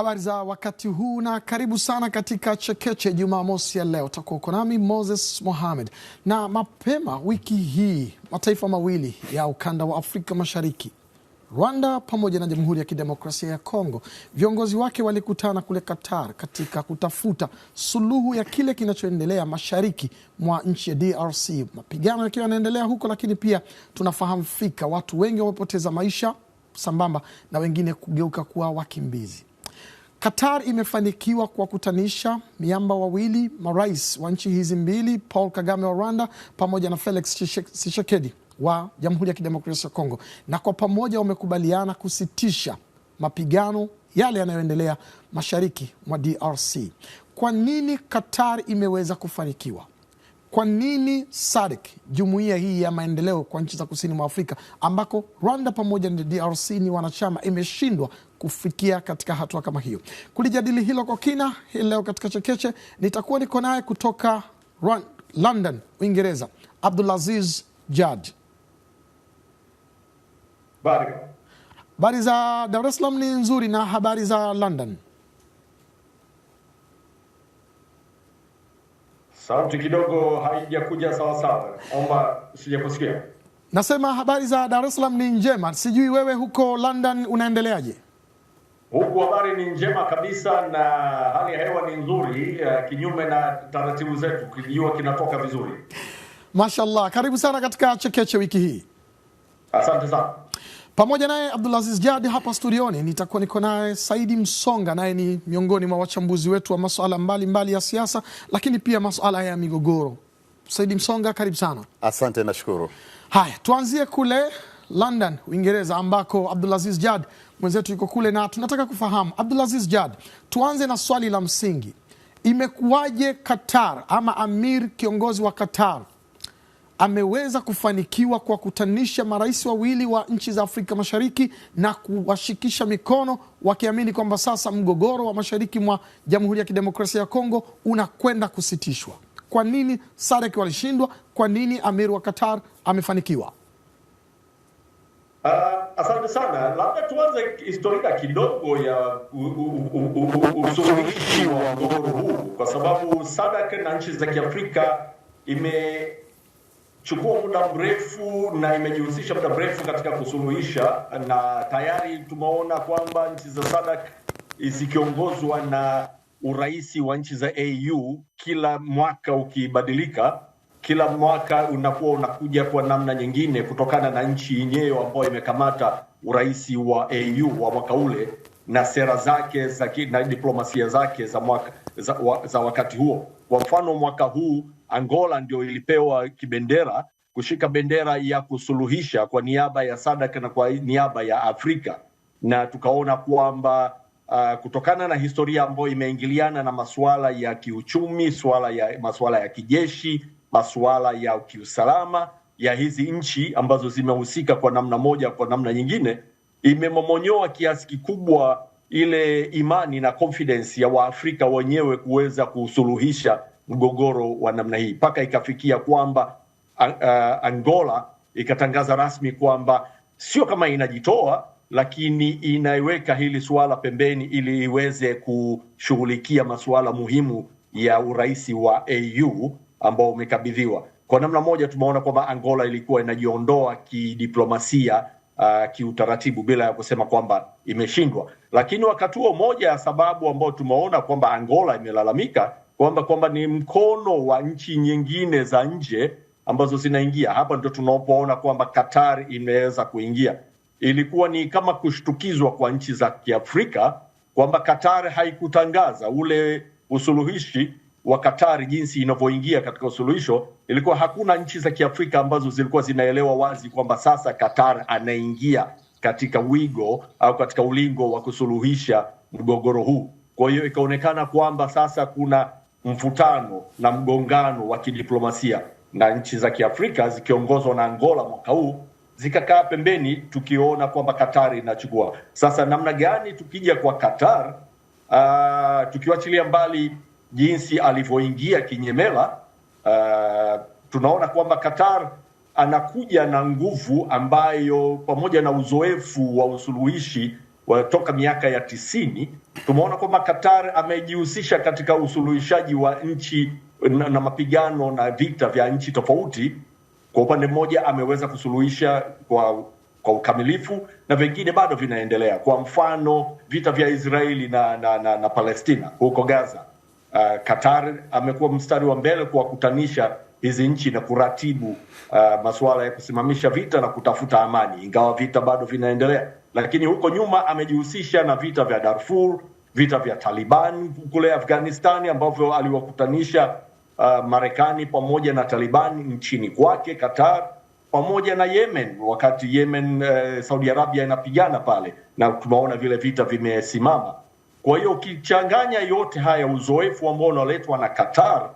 Habari za wakati huu na karibu sana katika Chekeche Jumamosi ya leo. Utakuwa uko nami Moses Mohamed. Na mapema wiki hii mataifa mawili ya ukanda wa Afrika Mashariki, Rwanda pamoja na Jamhuri ya Kidemokrasia ya Kongo, viongozi wake walikutana kule Qatar katika kutafuta suluhu ya kile kinachoendelea mashariki mwa nchi ya DRC, mapigano yakiwa yanaendelea huko, lakini pia tunafahamu fika watu wengi wamepoteza maisha sambamba na wengine kugeuka kuwa wakimbizi. Qatar imefanikiwa kuwakutanisha miamba wawili marais wa nchi hizi mbili, Paul Kagame wa Rwanda pamoja na Felix Tshisekedi wa Jamhuri ya Kidemokrasia ya Kongo, na kwa pamoja wamekubaliana kusitisha mapigano yale yanayoendelea mashariki mwa DRC. Kwa nini Qatar imeweza kufanikiwa? Kwa nini SADC jumuiya hii ya maendeleo kwa nchi za kusini mwa Afrika ambako Rwanda pamoja na DRC ni wanachama imeshindwa kufikia katika hatua kama hiyo? Kulijadili hilo kwa kina hii leo katika Chekeche nitakuwa niko naye kutoka Rwanda, London, Uingereza, Abdulaziz Jad. Habari za Dar es Salaam ni nzuri na habari za London? sauti kidogo haijakuja sawa omba sijakusikia. Nasema habari za Dar es Salaam ni njema, sijui wewe huko London unaendeleaje? Huku habari ni njema kabisa na hali ya hewa ni nzuri, eh, kinyume na taratibu zetu, kijua kinatoka vizuri. Mashallah, karibu sana katika Chekeche wiki hii. Asante sana. Pamoja naye Abdulaziz Jadi hapa studioni, nitakuwa niko naye Saidi Msonga, naye ni miongoni mwa wachambuzi wetu wa masuala mbalimbali ya siasa, lakini pia masuala ya migogoro. Saidi Msonga, karibu sana. Asante, nashukuru. Haya, tuanzie kule London, Uingereza, ambako Abdulaziz Jad mwenzetu yuko kule, na tunataka kufahamu Abdulaziz Jad, tuanze na swali la msingi, imekuwaje Qatar ama Amir, kiongozi wa Qatar ameweza kufanikiwa kuwakutanisha marais wawili wa nchi za Afrika Mashariki na kuwashikisha mikono wakiamini kwamba sasa mgogoro wa mashariki mwa Jamhuri ya Kidemokrasia ya Kongo unakwenda kusitishwa. Kwa nini SADC walishindwa? Kwa nini Amir wa Qatar amefanikiwa? Uh, asante sana. Labda tuanze historia kidogo ya usuluhishi wa mgogoro huu, kwa sababu SADC na nchi za Kiafrika ime imechukua muda mrefu na imejihusisha muda mrefu katika kusuluhisha, na tayari tumeona kwamba nchi za SADC zikiongozwa na urais wa nchi za AU kila mwaka ukibadilika, kila mwaka unakuwa unakuja kwa namna nyingine kutokana na nchi yenyewe ambayo imekamata urais wa AU wa mwaka ule na sera zake za na diplomasia zake za, mwaka, za, wa, za wakati huo. Kwa mfano mwaka huu Angola ndio ilipewa kibendera kushika bendera ya kusuluhisha kwa niaba ya SADC na kwa niaba ya Afrika, na tukaona kwamba uh, kutokana na historia ambayo imeingiliana na masuala ya kiuchumi, swala ya masuala ya kijeshi, masuala ya kiusalama ya hizi nchi ambazo zimehusika kwa namna moja kwa namna nyingine, imemomonyoa kiasi kikubwa ile imani na confidence ya Waafrika wenyewe kuweza kusuluhisha mgogoro wa namna hii mpaka ikafikia kwamba uh, Angola ikatangaza rasmi kwamba sio kama inajitoa lakini inaiweka hili suala pembeni ili iweze kushughulikia masuala muhimu ya urais wa AU ambao umekabidhiwa. Kwa namna moja tumeona kwamba Angola ilikuwa inajiondoa kidiplomasia, uh, kiutaratibu bila ya kusema kwamba imeshindwa. Lakini wakati huo, moja ya sababu ambayo tumeona kwamba Angola imelalamika kwamba kwamba ni mkono wa nchi nyingine za nje ambazo zinaingia hapa. Ndio tunapoona kwamba Qatar imeweza kuingia. Ilikuwa ni kama kushtukizwa kwa nchi za Kiafrika kwamba Qatar haikutangaza ule usuluhishi wa Qatar jinsi inavyoingia katika usuluhisho. Ilikuwa hakuna nchi za Kiafrika ambazo zilikuwa zinaelewa wazi kwamba sasa Qatar anaingia katika wigo au katika ulingo wa kusuluhisha mgogoro huu. Kwa hiyo ikaonekana kwamba sasa kuna mvutano na mgongano wa kidiplomasia na nchi za Kiafrika zikiongozwa na Angola mwaka huu zikakaa pembeni, tukiona kwamba Qatar inachukua. Sasa namna gani tukija kwa Qatar, uh, tukiwachilia mbali jinsi alivyoingia kinyemela, uh, tunaona kwamba Qatar anakuja na nguvu ambayo pamoja na uzoefu wa usuluhishi toka miaka ya tisini tumeona kwamba Qatar amejihusisha katika usuluhishaji wa nchi na, na mapigano na vita vya nchi tofauti. Kwa upande mmoja ameweza kusuluhisha kwa kwa ukamilifu na vingine bado vinaendelea. Kwa mfano vita vya Israeli na, na, na, na Palestina huko Gaza. Uh, Qatar amekuwa mstari wa mbele kuwakutanisha hizi nchi na kuratibu uh, masuala ya kusimamisha vita na kutafuta amani, ingawa vita bado vinaendelea lakini huko nyuma amejihusisha na vita vya Darfur, vita vya Taliban kule Afghanistani ambavyo aliwakutanisha uh, Marekani pamoja na Taliban nchini kwake Qatar pamoja na Yemen wakati Yemen uh, Saudi Arabia inapigana pale na tunaona vile vita vimesimama. Kwa hiyo ukichanganya yote haya, uzoefu ambao unaletwa na Qatar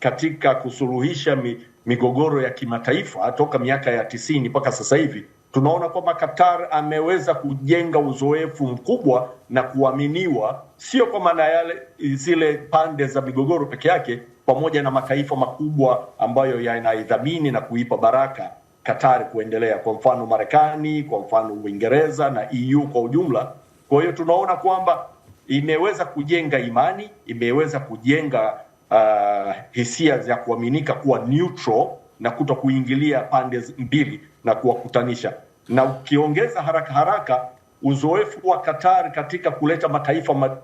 katika kusuluhisha migogoro ya kimataifa toka miaka ya tisini mpaka sasa hivi tunaona kwamba Qatar ameweza kujenga uzoefu mkubwa na kuaminiwa, sio kwa maana yale zile pande za migogoro peke yake, pamoja na mataifa makubwa ambayo yanaidhamini na kuipa baraka Qatar kuendelea, kwa mfano Marekani, kwa mfano Uingereza na EU kwa ujumla. Kwa hiyo tunaona kwamba imeweza kujenga imani, imeweza kujenga uh, hisia za kuaminika kuwa neutral na kuto kuingilia pande mbili na kuwakutanisha. Na ukiongeza haraka haraka, uzoefu wa Qatar katika kuleta mataifa ma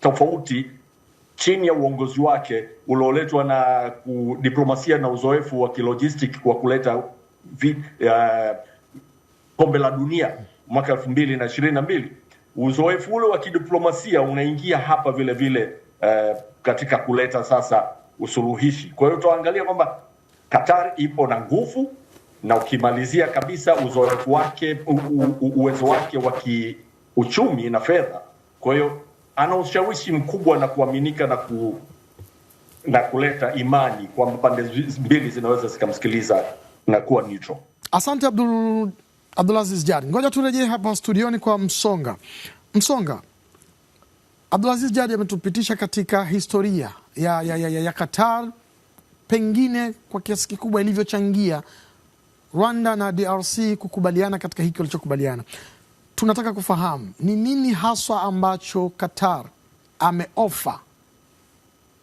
tofauti chini ya uongozi wake ulioletwa na diplomasia na uzoefu wa kilojistic kwa kuleta vi, uh, kombe la dunia mwaka elfu mbili na ishirini na mbili uzoefu ule wa kidiplomasia unaingia hapa vile vile uh, katika kuleta sasa usuluhishi. Kwa hiyo utaangalia kwamba Qatar ipo na nguvu na ukimalizia kabisa uzoefu wake uwezo wake wa kiuchumi na fedha. Kwa hiyo ana ushawishi mkubwa na kuaminika na ku, na kuleta imani kwamba pande mbili zinaweza zikamsikiliza na kuwa neutral. Asante Abdul Abdulaziz Jari, ngoja turejee hapa studioni kwa Msonga. Msonga, Abdulaziz Jari ametupitisha katika historia ya, ya, ya, ya, ya Qatar pengine kwa kiasi kikubwa ilivyochangia Rwanda na DRC kukubaliana katika hiki walichokubaliana. Tunataka kufahamu ni nini haswa ambacho Qatar ameofa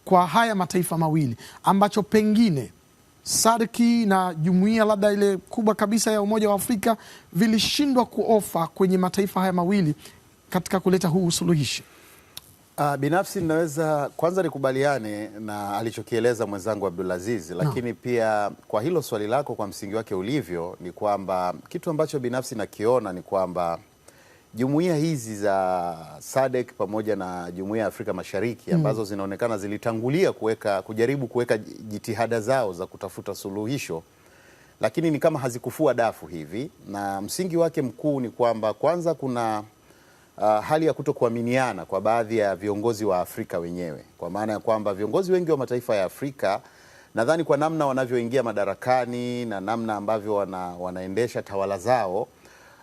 kwa haya mataifa mawili ambacho pengine Sadiki na jumuiya labda ile kubwa kabisa ya Umoja wa Afrika vilishindwa kuofa kwenye mataifa haya mawili katika kuleta huu suluhishi Uh, binafsi ninaweza kwanza nikubaliane na alichokieleza mwenzangu Abdulaziz, lakini no. pia kwa hilo swali lako kwa msingi wake ulivyo ni kwamba kitu ambacho binafsi nakiona ni kwamba jumuiya hizi za SADC pamoja na Jumuiya ya Afrika Mashariki mm. ambazo mm. zinaonekana zilitangulia kuweka kujaribu kuweka jitihada zao za kutafuta suluhisho, lakini ni kama hazikufua dafu hivi, na msingi wake mkuu ni kwamba kwanza kuna uh, hali ya kutokuaminiana kwa baadhi ya viongozi wa Afrika wenyewe, kwa maana ya kwamba viongozi wengi wa mataifa ya Afrika nadhani kwa namna wanavyoingia madarakani na namna ambavyo wana, wanaendesha tawala zao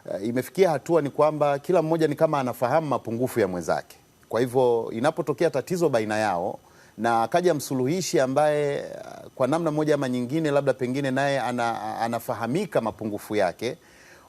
uh, imefikia hatua ni kwamba kila mmoja ni kama anafahamu mapungufu ya mwenzake. Kwa hivyo inapotokea tatizo baina yao na akaja msuluhishi ambaye uh, kwa namna moja ama nyingine labda pengine naye ana, anafahamika mapungufu yake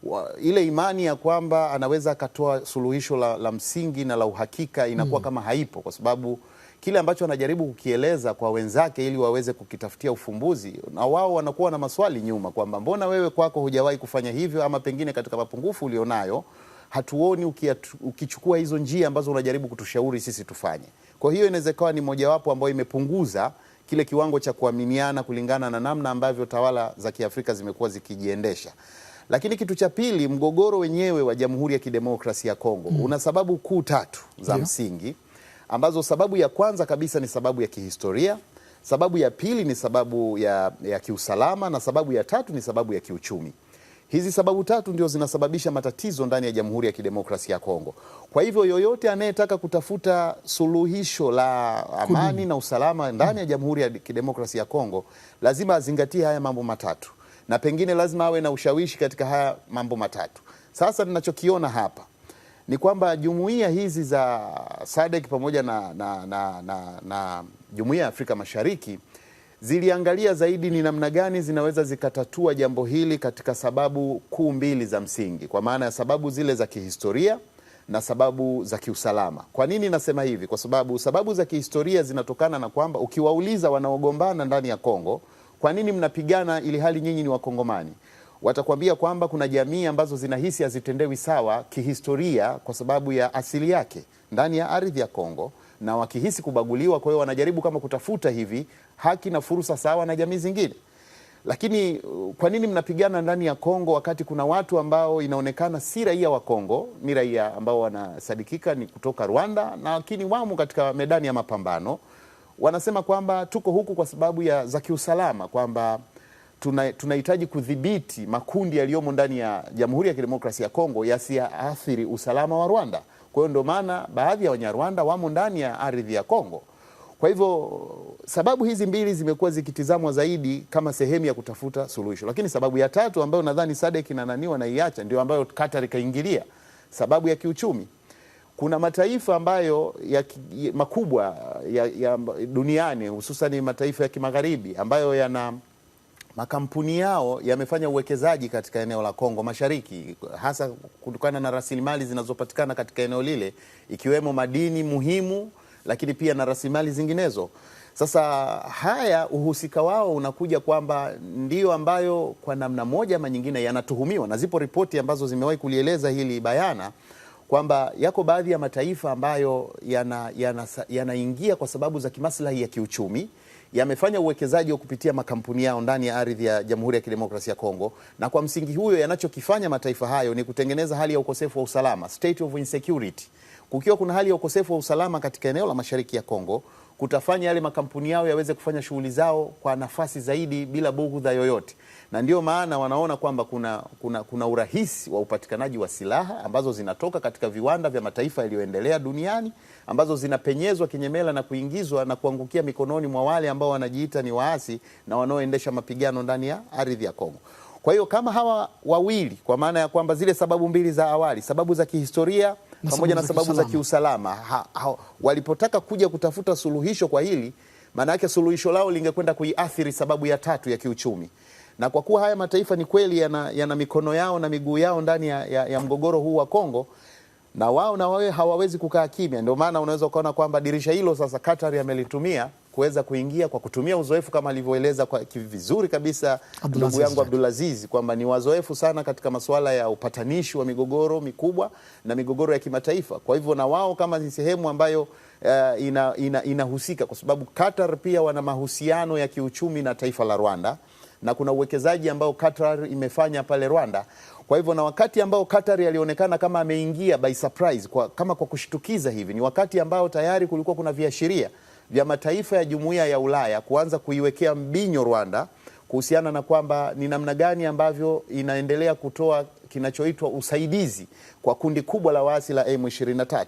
wa, ile imani ya kwamba anaweza akatoa suluhisho la, la msingi na la uhakika inakuwa mm. kama haipo kwa sababu kile ambacho anajaribu kukieleza kwa wenzake ili waweze kukitafutia ufumbuzi, na wao wanakuwa na maswali nyuma kwamba mbona wewe kwako hujawahi kufanya hivyo, ama pengine katika mapungufu ulionayo hatuoni ukichukua hizo njia ambazo unajaribu kutushauri sisi tufanye. Kwa hiyo inaweza ikawa ni mojawapo ambayo imepunguza kile kiwango cha kuaminiana kulingana na namna ambavyo tawala za Kiafrika zimekuwa zikijiendesha. Lakini kitu cha pili, mgogoro wenyewe wa Jamhuri ya Kidemokrasia ya Kongo mm. una sababu kuu tatu za msingi ambazo sababu ya kwanza kabisa ni sababu ya kihistoria, sababu ya pili ni sababu ya, ya kiusalama na sababu ya tatu ni sababu ya kiuchumi. Hizi sababu tatu ndio zinasababisha matatizo ndani ya Jamhuri ya Kidemokrasia ya Kongo. Kwa hivyo yoyote anayetaka kutafuta suluhisho la amani Kudu. na usalama ndani ya mm. Jamhuri ya Kidemokrasia ya Kongo lazima azingatie haya mambo matatu na pengine lazima awe na ushawishi katika haya mambo matatu. Sasa ninachokiona hapa ni kwamba jumuiya hizi za SADC pamoja na, na, na, na, na jumuiya ya Afrika Mashariki ziliangalia zaidi ni namna gani zinaweza zikatatua jambo hili katika sababu kuu mbili za msingi, kwa maana ya sababu zile za kihistoria na sababu za kiusalama. Kwa nini nasema hivi? Kwa sababu sababu za kihistoria zinatokana na kwamba ukiwauliza wanaogombana ndani ya Kongo kwa nini mnapigana ili hali nyinyi ni Wakongomani? Watakwambia kwamba kuna jamii ambazo zinahisi hazitendewi sawa kihistoria kwa sababu ya asili yake ndani ya ardhi ya Kongo na wakihisi kubaguliwa, kwa hiyo wanajaribu kama kutafuta hivi haki na fursa sawa na jamii zingine. Lakini uh, kwa nini mnapigana ndani ya Kongo wakati kuna watu ambao inaonekana si raia wa Kongo, ni raia ambao wanasadikika ni kutoka Rwanda, lakini wamo katika medani ya mapambano wanasema kwamba tuko huku kwa sababu ya za kiusalama, kwamba tunahitaji tuna kudhibiti makundi yaliyomo ndani ya Jamhuri ya Kidemokrasia ya Kongo yasiathiri usalama wa Rwanda. Kwa hiyo ndio maana baadhi ya Wanyarwanda wamo ndani ya ardhi ya Kongo. Kwa hivyo sababu hizi mbili zimekuwa zikitizamwa zaidi kama sehemu ya kutafuta suluhisho, lakini sababu ya tatu ambayo nadhani Sadek na nani wanaiacha, ndio ambayo Qatar ikaingilia, sababu ya kiuchumi kuna mataifa ambayo ya, ya, makubwa ya, ya duniani hususan mataifa ya kimagharibi ambayo yana makampuni yao yamefanya uwekezaji katika eneo la Kongo Mashariki, hasa kutokana na rasilimali zinazopatikana katika eneo lile, ikiwemo madini muhimu, lakini pia na rasilimali zinginezo. Sasa haya uhusika wao unakuja kwamba ndiyo ambayo kwa namna moja ama nyingine yanatuhumiwa, na zipo ripoti ambazo zimewahi kulieleza hili bayana kwamba yako baadhi ya mataifa ambayo yanaingia yana, yana kwa sababu za kimaslahi ya kiuchumi yamefanya uwekezaji wa kupitia makampuni yao ndani ya ardhi ya Jamhuri ya Kidemokrasia ya Kongo, na kwa msingi huyo yanachokifanya mataifa hayo ni kutengeneza hali ya ukosefu wa usalama, state of insecurity. Kukiwa kuna hali ya ukosefu wa usalama katika eneo la mashariki ya Kongo kutafanya yale makampuni yao yaweze kufanya shughuli zao kwa nafasi zaidi bila bughudha yoyote, na ndio maana wanaona kwamba kuna, kuna, kuna urahisi wa upatikanaji wa silaha ambazo zinatoka katika viwanda vya mataifa yaliyoendelea duniani ambazo zinapenyezwa kinyemela na kuingizwa na kuangukia mikononi mwa wale ambao wanajiita ni waasi na wanaoendesha mapigano ndani ya ardhi ya Kongo. Kwa hiyo kama hawa wawili, kwa maana ya kwamba zile sababu mbili za awali, sababu za kihistoria pamoja na sababu za kiusalama ha, ha, walipotaka kuja kutafuta suluhisho kwa hili, maana yake suluhisho lao lingekwenda kuiathiri sababu ya tatu ya kiuchumi, na kwa kuwa haya mataifa ni kweli yana, yana mikono yao na miguu yao ndani ya, ya, ya mgogoro huu wa Kongo na wao na wawe hawawezi kukaa kimya. Ndio maana unaweza ukaona kwamba dirisha hilo sasa Katari amelitumia kuweza kuingia kwa kutumia uzoefu kama alivyoeleza vizuri kabisa ndugu yangu Abdulaziz kwamba ni wazoefu sana katika masuala ya upatanishi wa migogoro mikubwa na migogoro ya kimataifa. Kwa hivyo na wao kama ni sehemu ambayo uh, eh, inahusika ina, ina kwa sababu Qatar pia wana mahusiano ya kiuchumi na taifa la Rwanda na kuna uwekezaji ambao Qatar imefanya pale Rwanda. Kwa hivyo na wakati ambao Qatar alionekana kama ameingia by surprise, kwa, kama kwa kushtukiza hivi, ni wakati ambao tayari kulikuwa kuna viashiria vya mataifa ya jumuiya ya Ulaya kuanza kuiwekea mbinyo Rwanda kuhusiana na kwamba ni namna gani ambavyo inaendelea kutoa kinachoitwa usaidizi kwa kundi kubwa la waasi la M23.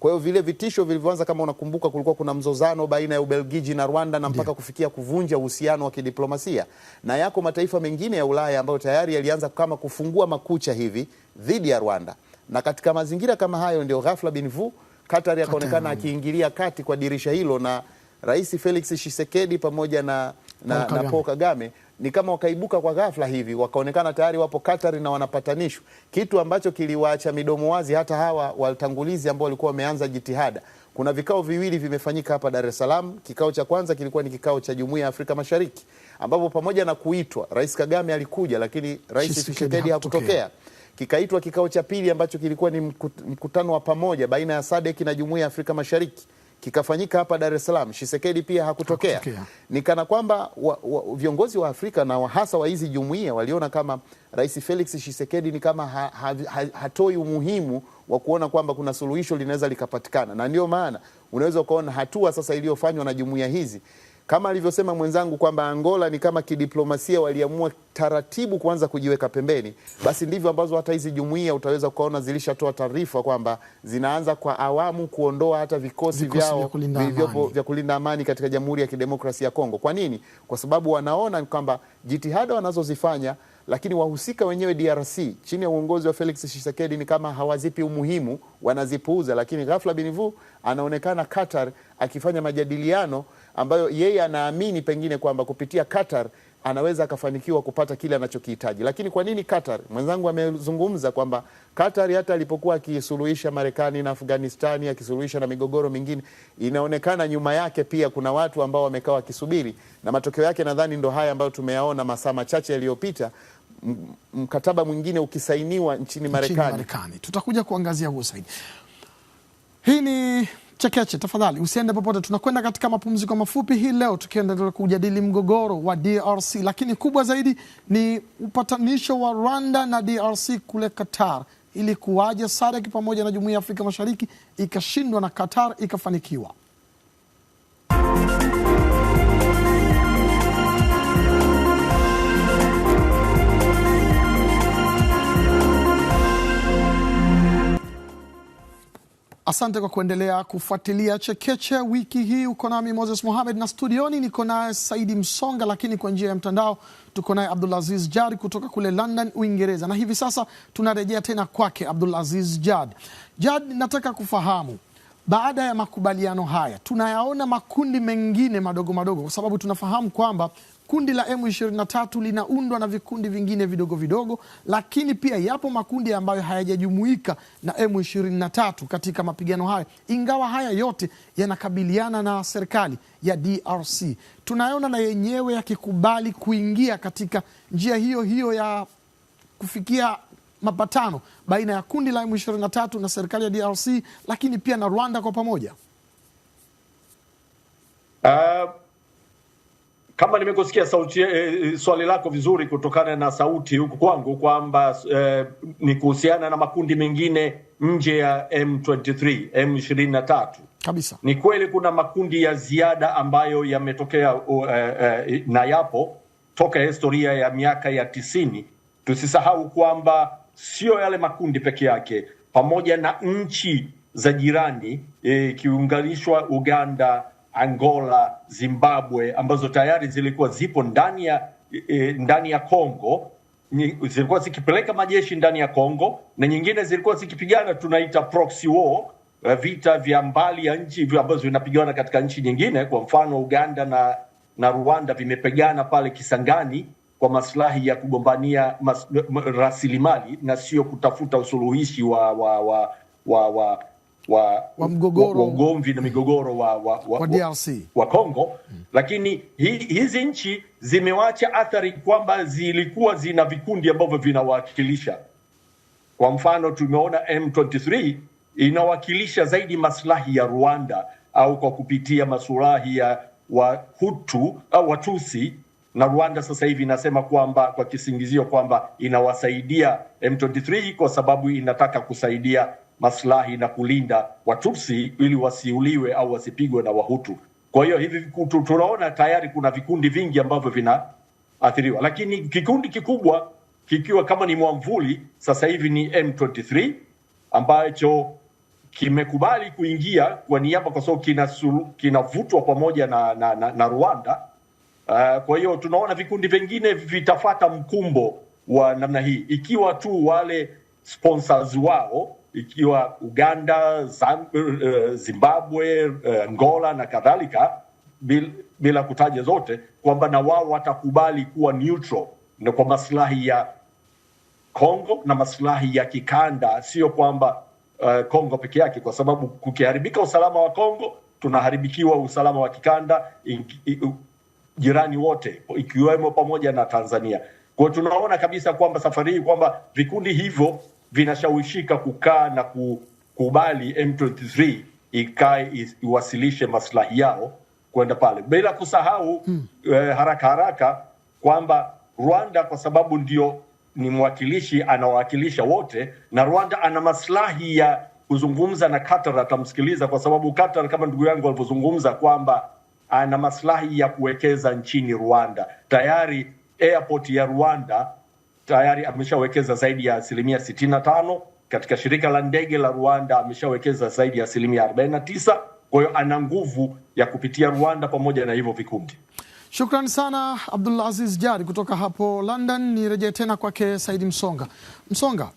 Kwa hiyo vile vitisho vilivyoanza, kama unakumbuka, kulikuwa kuna mzozano baina ya Ubelgiji na Rwanda na mpaka kufikia kuvunja uhusiano wa kidiplomasia, na yako mataifa mengine ya Ulaya ambayo tayari yalianza kama kufungua makucha hivi dhidi ya Rwanda, na katika mazingira kama hayo ndio ghafla binvu vu Katari akaonekana akiingilia kati kwa dirisha hilo, na Rais Felix Tshisekedi pamoja na, na, na Paul Kagame ni kama wakaibuka kwa ghafla hivi wakaonekana tayari wapo Katari na wanapatanishwa, kitu ambacho kiliwaacha midomo wazi hata hawa watangulizi ambao walikuwa wameanza jitihada. Kuna vikao viwili vimefanyika hapa Dar es Salaam. Kikao cha kwanza kilikuwa ni kikao cha Jumuiya ya Afrika Mashariki ambapo pamoja na kuitwa Rais Kagame alikuja, lakini Rais Tshisekedi hakutokea kikaitwa kikao cha pili ambacho kilikuwa ni mkutano wa pamoja baina ya SADC na Jumuiya ya Afrika Mashariki kikafanyika hapa Dar es Salaam. Shisekedi pia hakutokea, hakutokea. kana kwamba wa, wa, viongozi wa Afrika na hasa wa hizi jumuiya waliona kama Rais Felix Shisekedi ni kama ha, ha, ha, hatoi umuhimu wa kuona kwamba kuna suluhisho linaweza likapatikana, na ndio maana unaweza ukaona hatua sasa iliyofanywa na jumuiya hizi kama alivyosema mwenzangu kwamba Angola ni kama kidiplomasia waliamua taratibu kuanza kujiweka pembeni, basi ndivyo ambazo hata hizi jumuiya utaweza kuona zilishatoa taarifa kwamba zinaanza kwa awamu kuondoa hata vikosi, vikosi vyao vilivyopo vya kulinda amani katika Jamhuri ya Kidemokrasia ya Kongo. Kwa nini? Kwa sababu wanaona kwamba jitihada wanazozifanya lakini wahusika wenyewe DRC chini ya uongozi wa Felix Tshisekedi ni kama hawazipi umuhimu, wanazipuuza. Lakini ghafla binivu anaonekana Qatar akifanya majadiliano ambayo yeye anaamini pengine kwamba kupitia Qatar anaweza akafanikiwa kupata kile anachokihitaji. Lakini kwa nini Qatar? Mwenzangu amezungumza kwamba Qatar hata alipokuwa akisuluhisha Marekani na Afghanistani, akisuluhisha na migogoro mingine, inaonekana nyuma yake pia kuna watu ambao wamekaa wakisubiri, na matokeo yake nadhani ndo haya ambayo tumeyaona masaa machache yaliyopita, mkataba mwingine ukisainiwa nchini Marekani. Tutakuja kuangazia huo. Saidi, hii ni Chekeche, tafadhali usiende popote. Tunakwenda katika mapumziko mafupi hii leo, tukiendelea kujadili mgogoro wa DRC, lakini kubwa zaidi ni upatanisho wa Rwanda na DRC kule Qatar. Ilikuwaje SADC pamoja na Jumuiya ya Afrika Mashariki ikashindwa na Qatar ikafanikiwa? Asante kwa kuendelea kufuatilia Chekeche wiki hii. Uko nami Moses Mohamed na studioni niko naye Saidi Msonga, lakini kwa njia ya mtandao tuko naye Abdulaziz Jad kutoka kule London, Uingereza, na hivi sasa tunarejea tena kwake Abdulaziz Jad. Jad, nataka kufahamu baada ya makubaliano haya tunayaona makundi mengine madogo madogo, kwa sababu tunafahamu kwamba kundi la M23 linaundwa na vikundi vingine vidogo vidogo, lakini pia yapo makundi ambayo hayajajumuika na M23 katika mapigano hayo, ingawa haya yote yanakabiliana na serikali ya DRC. Tunaona na yenyewe yakikubali kuingia katika njia hiyo hiyo ya kufikia mapatano baina ya kundi la M23 na serikali ya DRC, lakini pia na Rwanda kwa pamoja uh... Kama nimekusikia sauti e, swali lako vizuri, kutokana na sauti huku kwangu kwamba e, ni kuhusiana na makundi mengine nje ya M23 M23 kabisa. Ni kweli kuna makundi ya ziada ambayo yametokea uh, uh, na yapo toka historia ya miaka ya tisini. Tusisahau kwamba sio yale makundi peke yake, pamoja na nchi za jirani ikiunganishwa e, Uganda Angola, Zimbabwe ambazo tayari zilikuwa zipo ndani ya e, ndani ya Kongo ni, zilikuwa zikipeleka majeshi ndani ya Kongo na nyingine zilikuwa zikipigana tunaita proxy war, eh, vita vya mbali ya nchi hivyo ambazo vinapigana katika nchi nyingine. Kwa mfano Uganda na, na Rwanda vimepigana pale Kisangani kwa maslahi ya kugombania mas, rasilimali na sio kutafuta usuluhishi wa, wa, wa, wa, wa wa, wa mgogoro wa ugomvi na migogoro wa, wa, wa, wa DRC wa Congo mm. Lakini hi, hizi nchi zimewacha athari kwamba zilikuwa zina vikundi ambavyo vinawakilisha. Kwa mfano tumeona M23 inawakilisha zaidi maslahi ya Rwanda au kwa kupitia masulahi ya Wahutu au Watusi na Rwanda sasa hivi inasema kwamba kwa kisingizio kwamba inawasaidia M23 kwa sababu inataka kusaidia maslahi na kulinda Watutsi ili wasiuliwe au wasipigwe na Wahutu. Kwa hiyo hivi tunaona tayari kuna vikundi vingi ambavyo vinaathiriwa, lakini kikundi kikubwa kikiwa kama ni mwamvuli sasa hivi ni M23 ambacho kimekubali kuingia kwa niaba, kwa sababu kinavutwa pamoja na, na, na, na Rwanda. Uh, kwa hiyo tunaona vikundi vingine vitafata mkumbo wa namna hii ikiwa tu wale sponsors wao ikiwa Uganda, eh, Zimbabwe, eh, Angola na kadhalika, bila kutaja zote, kwamba na wao watakubali kuwa neutral na kwa maslahi ya Kongo na maslahi ya kikanda, sio kwamba uh, Kongo peke yake, kwa sababu kukiharibika usalama wa Kongo tunaharibikiwa usalama wa kikanda in, in, jirani wote ikiwemo pamoja na Tanzania. Kwa tunaona kabisa kwamba safari hii kwamba vikundi hivyo vinashawishika kukaa na kukubali M23 ikae iwasilishe maslahi yao kwenda pale, bila kusahau hmm. eh, haraka haraka kwamba Rwanda kwa sababu ndio ni mwakilishi anawakilisha wote, na Rwanda ana maslahi ya kuzungumza na Qatar, atamsikiliza kwa sababu Qatar, kama ndugu yangu alivyozungumza, kwamba ana maslahi ya kuwekeza nchini Rwanda. Tayari airport ya Rwanda tayari ameshawekeza zaidi ya asilimia sitini na tano katika shirika la ndege la Rwanda ameshawekeza zaidi ya asilimia arobaini na tisa kwa hiyo ana nguvu ya kupitia Rwanda pamoja na hivyo vikundi. Shukran sana Abdul Aziz Jari kutoka hapo London. Nirejee tena kwake Saidi Msonga. Msonga,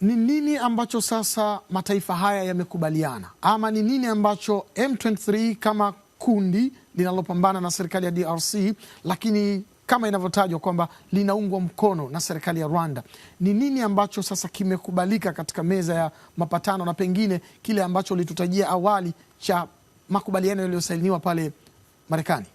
ni nini ambacho sasa mataifa haya yamekubaliana ama ni nini ambacho M23 kama kundi linalopambana na serikali ya DRC lakini kama inavyotajwa kwamba linaungwa mkono na serikali ya Rwanda. Ni nini ambacho sasa kimekubalika katika meza ya mapatano na pengine kile ambacho ulitutajia awali cha makubaliano yaliyosainiwa pale Marekani?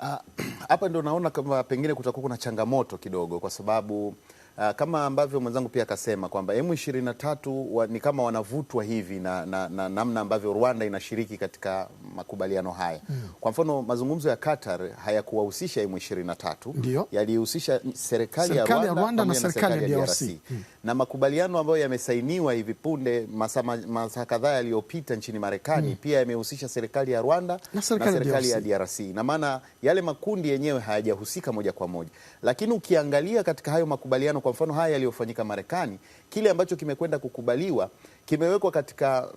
Ah, hapa uh, ndo naona kama pengine kutakuwa kuna changamoto kidogo kwa sababu Uh, kama ambavyo mwenzangu pia akasema kwamba M23 ni kama wanavutwa hivi na, na, na namna ambavyo Rwanda inashiriki katika makubaliano haya mm. Kwa mfano mazungumzo ya Qatar hayakuwahusisha M23, yalihusisha serikali, ya Rwanda, na serikali ya DRC na makubaliano ambayo yamesainiwa hivi punde masaa kadhaa yaliyopita nchini Marekani mm. pia yamehusisha serikali ya Rwanda na serikali, na serikali ya DRC na maana yale makundi yenyewe hayajahusika moja kwa moja, lakini ukiangalia katika hayo makubaliano, kwa mfano haya yaliyofanyika Marekani, kile ambacho kimekwenda kukubaliwa kimewekwa katika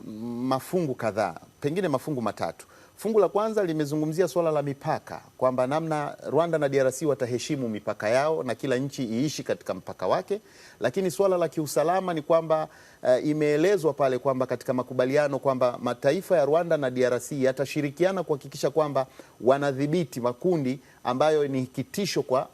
mafungu kadhaa, pengine mafungu matatu. Fungu la kwanza limezungumzia swala la mipaka kwamba namna Rwanda na DRC wataheshimu mipaka yao na kila nchi iishi katika mpaka wake, lakini swala la kiusalama ni kwamba uh, imeelezwa pale kwamba katika makubaliano kwamba mataifa ya Rwanda na DRC yatashirikiana kuhakikisha kwamba wanadhibiti makundi ambayo ni kitisho kwa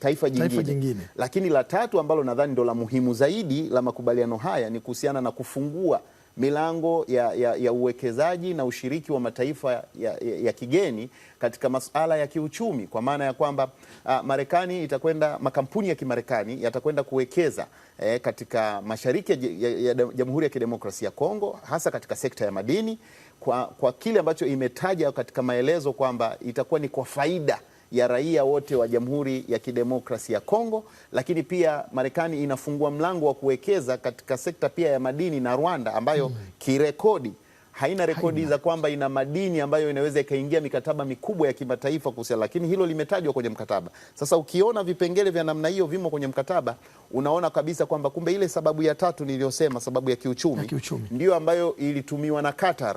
taifa jingine. Taifa jingine. Lakini la tatu ambalo nadhani ndo la muhimu zaidi la makubaliano haya ni kuhusiana na kufungua milango ya, ya, ya uwekezaji na ushiriki wa mataifa ya, ya, ya kigeni katika masuala ya kiuchumi, kwa maana ya kwamba uh, Marekani itakwenda, makampuni ya Kimarekani yatakwenda kuwekeza eh, katika mashariki ya, ya, ya Jamhuri ya Kidemokrasia ya Kongo, hasa katika sekta ya madini kwa, kwa kile ambacho imetaja katika maelezo kwamba itakuwa ni kwa faida ya raia wote wa Jamhuri ya Kidemokrasi ya Kongo, lakini pia Marekani inafungua mlango wa kuwekeza katika sekta pia ya madini na Rwanda ambayo mm. kirekodi haina rekodi za kwamba ina madini ambayo inaweza ikaingia mikataba mikubwa ya kimataifa kuhusiana, lakini hilo limetajwa kwenye mkataba. Sasa ukiona vipengele vya namna hiyo vimo kwenye mkataba, unaona kabisa kwamba kumbe ile sababu ya tatu niliyosema, sababu ya kiuchumi, ya kiuchumi, ndiyo ambayo ilitumiwa na Qatar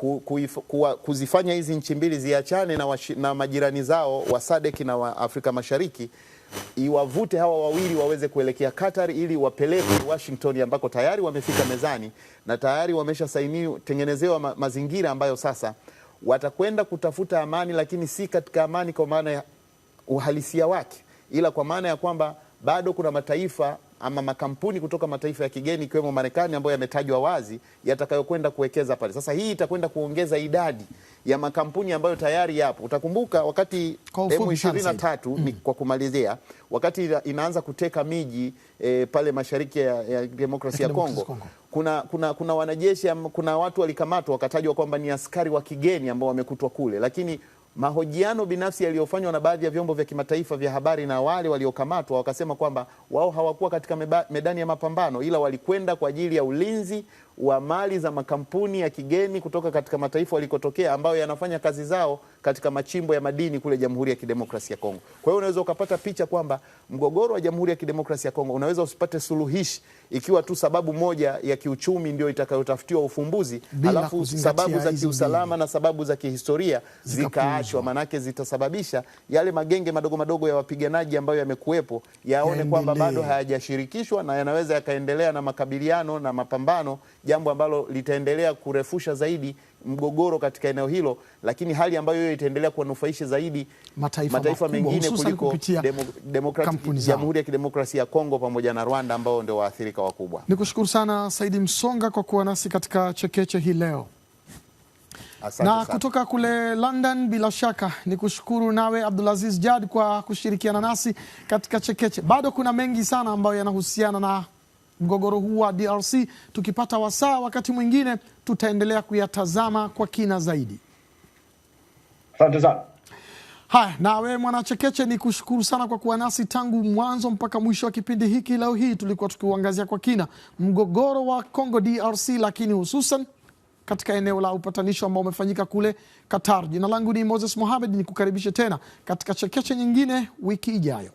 ku, ku, ku, kuzifanya hizi nchi mbili ziachane na, na majirani zao wa SADC na wa Afrika Mashariki iwavute hawa wawili waweze kuelekea Qatar ili wapelekwe Washington ambako tayari wamefika mezani na tayari wamesha saini tengenezewa ma, mazingira ambayo sasa watakwenda kutafuta amani, lakini si katika amani kwa maana ya uhalisia wake, ila kwa maana ya kwamba bado kuna mataifa ama makampuni kutoka mataifa ya kigeni ikiwemo Marekani ambayo yametajwa wazi yatakayokwenda kuwekeza pale. Sasa hii itakwenda kuongeza idadi ya makampuni ambayo tayari yapo. Utakumbuka wakati eh, M23 mm, ni kwa kumalizia, wakati inaanza kuteka miji e, pale mashariki ya, ya demokrasia ya Kongo, Kongo. Kuna, kuna, kuna wanajeshi kuna watu walikamatwa wakatajwa kwamba ni askari wa kigeni ambao wamekutwa kule, lakini mahojiano binafsi yaliyofanywa na baadhi ya vyombo vya kimataifa vya habari na wale waliokamatwa wakasema kwamba wao hawakuwa katika meba, medani ya mapambano ila walikwenda kwa ajili ya ulinzi wa mali za makampuni ya kigeni kutoka katika mataifa walikotokea ambayo yanafanya kazi zao katika machimbo ya madini kule Jamhuri ya Kidemokrasia ya Kongo. Kwa hiyo unaweza ukapata picha kwamba mgogoro wa Jamhuri ya Kidemokrasia ya Kongo unaweza usipate suluhishi ikiwa tu sababu moja ya kiuchumi ndio itakayotafutiwa ufumbuzi, alafu sababu za kiusalama na sababu za kihistoria zikaachwa, manake zitasababisha yale magenge madogo madogo ya wapiganaji ambayo yamekuwepo yaone kwamba bado hayajashirikishwa na yanaweza yakaendelea na makabiliano na mapambano jambo ambalo litaendelea kurefusha zaidi mgogoro katika eneo hilo, lakini hali ambayo hiyo itaendelea kuwanufaisha zaidi mataifa, mataifa mengine kuliko Jamhuri ya Kidemokrasia ya Kongo pamoja na Rwanda ambao ndio waathirika wakubwa. Ni kushukuru sana Saidi Msonga kwa kuwa nasi katika Chekeche hii leo. Asante na sana. Kutoka kule London bila shaka ni kushukuru nawe Abdulaziz Jad kwa kushirikiana nasi katika Chekeche. Bado kuna mengi sana ambayo yanahusiana na mgogoro huu wa DRC. Tukipata wasaa, wakati mwingine tutaendelea kuyatazama kwa kina zaidi. Asante sana. Haya, na wewe mwanachekeche, ni kushukuru sana kwa kuwa nasi tangu mwanzo mpaka mwisho wa kipindi hiki. Leo hii tulikuwa tukiuangazia kwa kina mgogoro wa Congo DRC, lakini hususan katika eneo la upatanisho ambao umefanyika kule Qatar. Jina langu ni Moses Mohamed, kukaribishe tena katika chekeche nyingine wiki ijayo.